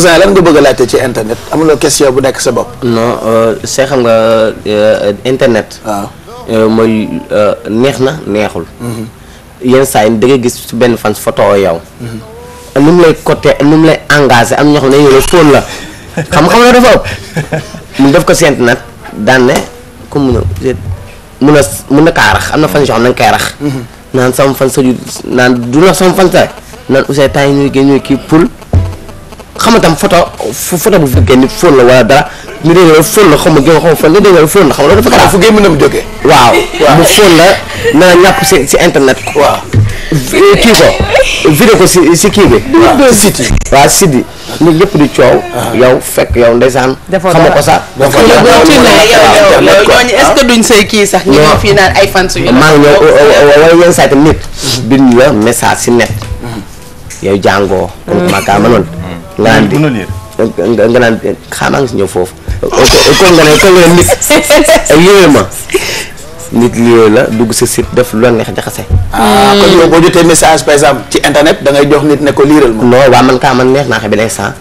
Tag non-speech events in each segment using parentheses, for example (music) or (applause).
Ouzin lan nga bëgg a laajte ci internet amuloo question bu nekk sa bopp. non see euh, xam nga euh, internet. waaw ah. euh, neex na neexul. Mhm. yenn saa yi da gis su benn fan foto yow. Mhm. nu mu lay côté am ñoo la fóon la xam-xam la dafa mu def ko si internet daan ne ku mun a mun a mun na kaa rax am na fan yoo xam ne kay rax. Mhm. naan sama fan naan du la sama fan naan Ouzin temps ñuy génn ñuy kii pour. xam nga tam photo photo bu fi génn fóon la wala dara ñu dégg la fóon la xaw ma gën a xaw ma fóon fu génn mën a jógee. waaw mu fóon la na ñàpp si si internet. waaw eh, kii ko. si kii bi. waaw si site yi. waaw site yi ñun ñëpp di coow. Ah. sax. defoo dara yow yow yow ñooñu ñu ngi message si net. Mm-hmm. yow jàngoo. comme que ma nga naan di nga nga naan xaamaa nga si ñëw foofu. kon nga ne kon nga ne nit. (laughs) yéeme ma. nit lii la dugg sa site def lu la neex jaxase. ah kon yow boo jotee message par exemple ci internet da ngay jox nit ne ko liiral ma. non waaw man kaa man neex naa xel bi day sant.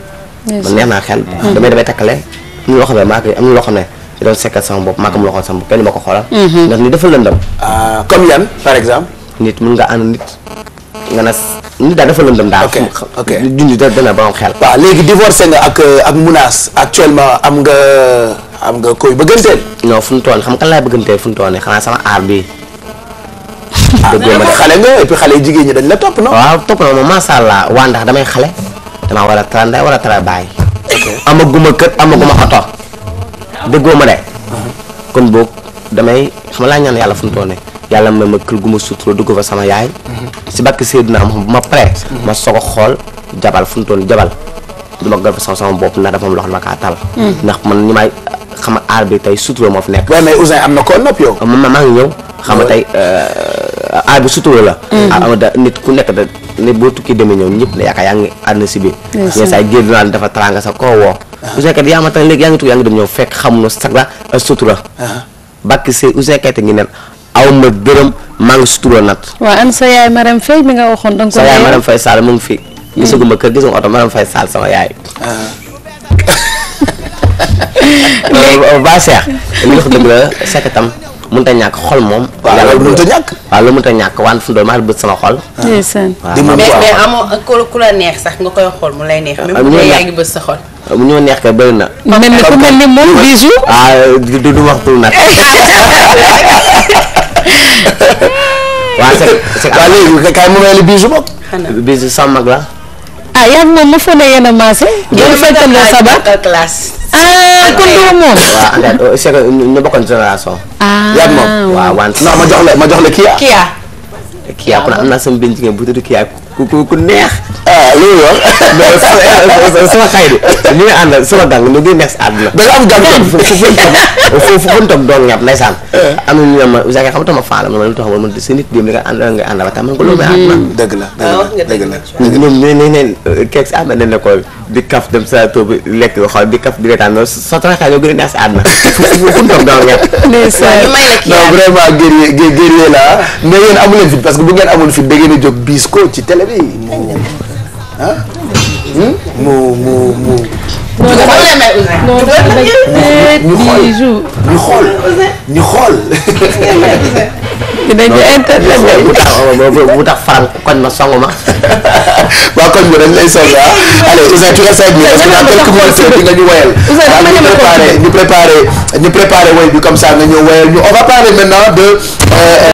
man neex naa xel. Mm. damay damay takkale am na loo xam ne maa koy am loo xam ne. di doon sekkal sama bopp a xool kenn ma ko xoolal. Mm-hmm. ndax ni dafa lëndam. Ah, comme yan par exemple. nit mun nga ànd nit. nga ne nit daal dafa lëndëm daal. ok ok junj dana borom xel. waaw léegi divorcé nga ak euh, ak Mounass actuellement am nga am nga koy bëgganteel. non fu mu toll xam kan laay bëgganteel fu mu toll nii xanaa sama aar bi. Ah, dëggoo ma de xale nga et ñi dañ la topp non. waaw topp na ma macha allah waa ndax damay xale damaa war a tara nday war amaguma kër amaguma oto dëggoo ma de. Uh-huh. kon boog damay xam laa ñaan yàlla fu mu toll nii yàlla may ma kër gu ma sutura dugg fa sama yaay. Mhm. si barke Seydina am bu ma pare. Mhm. ma soog a xool jabal fu mu toll jabal du ma gën fa sama sama bopp ndax dafa am loo xam ne ma kaa tal. Mhm. ndax man ñi may xam a aar tey sutura moo fi nekk. waaye mais am na ko nopp yow. ma maa ngi ñëw xam nga tey euh, aar bi la. ah da nit ku nekk da nit boo tukki demee ñëw ñëpp ne yaakaar yaa ngi àdduna si biir. bien saa géej naa dafa taraanga sa koo woo. Uh-huh. Ouzin Keita yaa ma tane yaa ngi tukki yaa ngi dem ñëw fekk xamuñu sax la euh, sutura. Uh-huh. bakki aw ma dërëm maa waxoon. da nga fi. gisaguma kër gisaguma oto Marème Faye Sall sama (laughs) la ñàkk xol moom. waaw loolu ñàkk. waaw loolu mënut a ku la neex sax nga koy xool mu lay neex. Ah, même bu yaa ngi bëgg sa xol. Ah, mu ñoo neex ka bëri na. mel ni ku mel ni moom bisu. ah du du wax tur nag. (laughs) waaw c' est waaw kay mu may la biisu bopp. biisu la. ah yaa ngi moom ma fa ne yéen a maase. yéen fekkandoo sabar ah kon doo moom. waaw oh, c' est que ah, non ma jox la ma jox la Kia. Kia. Kia kon am naa sama benn jigéen bu tudd ku ku neex. ah loolu la. (laughs) sama xayma eh, ñu eh. na ñu ma Ouzin Gueye xam nga ma faa la ma lu tax ma si nit bi nga ànd nga àndal ak man ko loolu àdduna. Mm-hmm. dëgg la dëgg la ah, ñoom nee nañ ne keeg si ànd nañ ne ko di kaf dem sa sa sama xayma gën a neex si àdduna. fu fu fu toog doon ñaar. ndeysaan a jóg biis ko ci télé oui ah. mu mu mu. non non ñu xool ñu xool ñu xool. dinañu interpellé bu tax bu tax faral koñ ma song ma. waaw koñ bi dañ lay song ah. allez Ouzin tu restes avec nous parce que dans quelques minutes di nga ñu woyal. Ouzin ñu préparé ñu préparé ñu préparé woy bi comme ça nga ñëw woyal ñu on va parler maintenant de.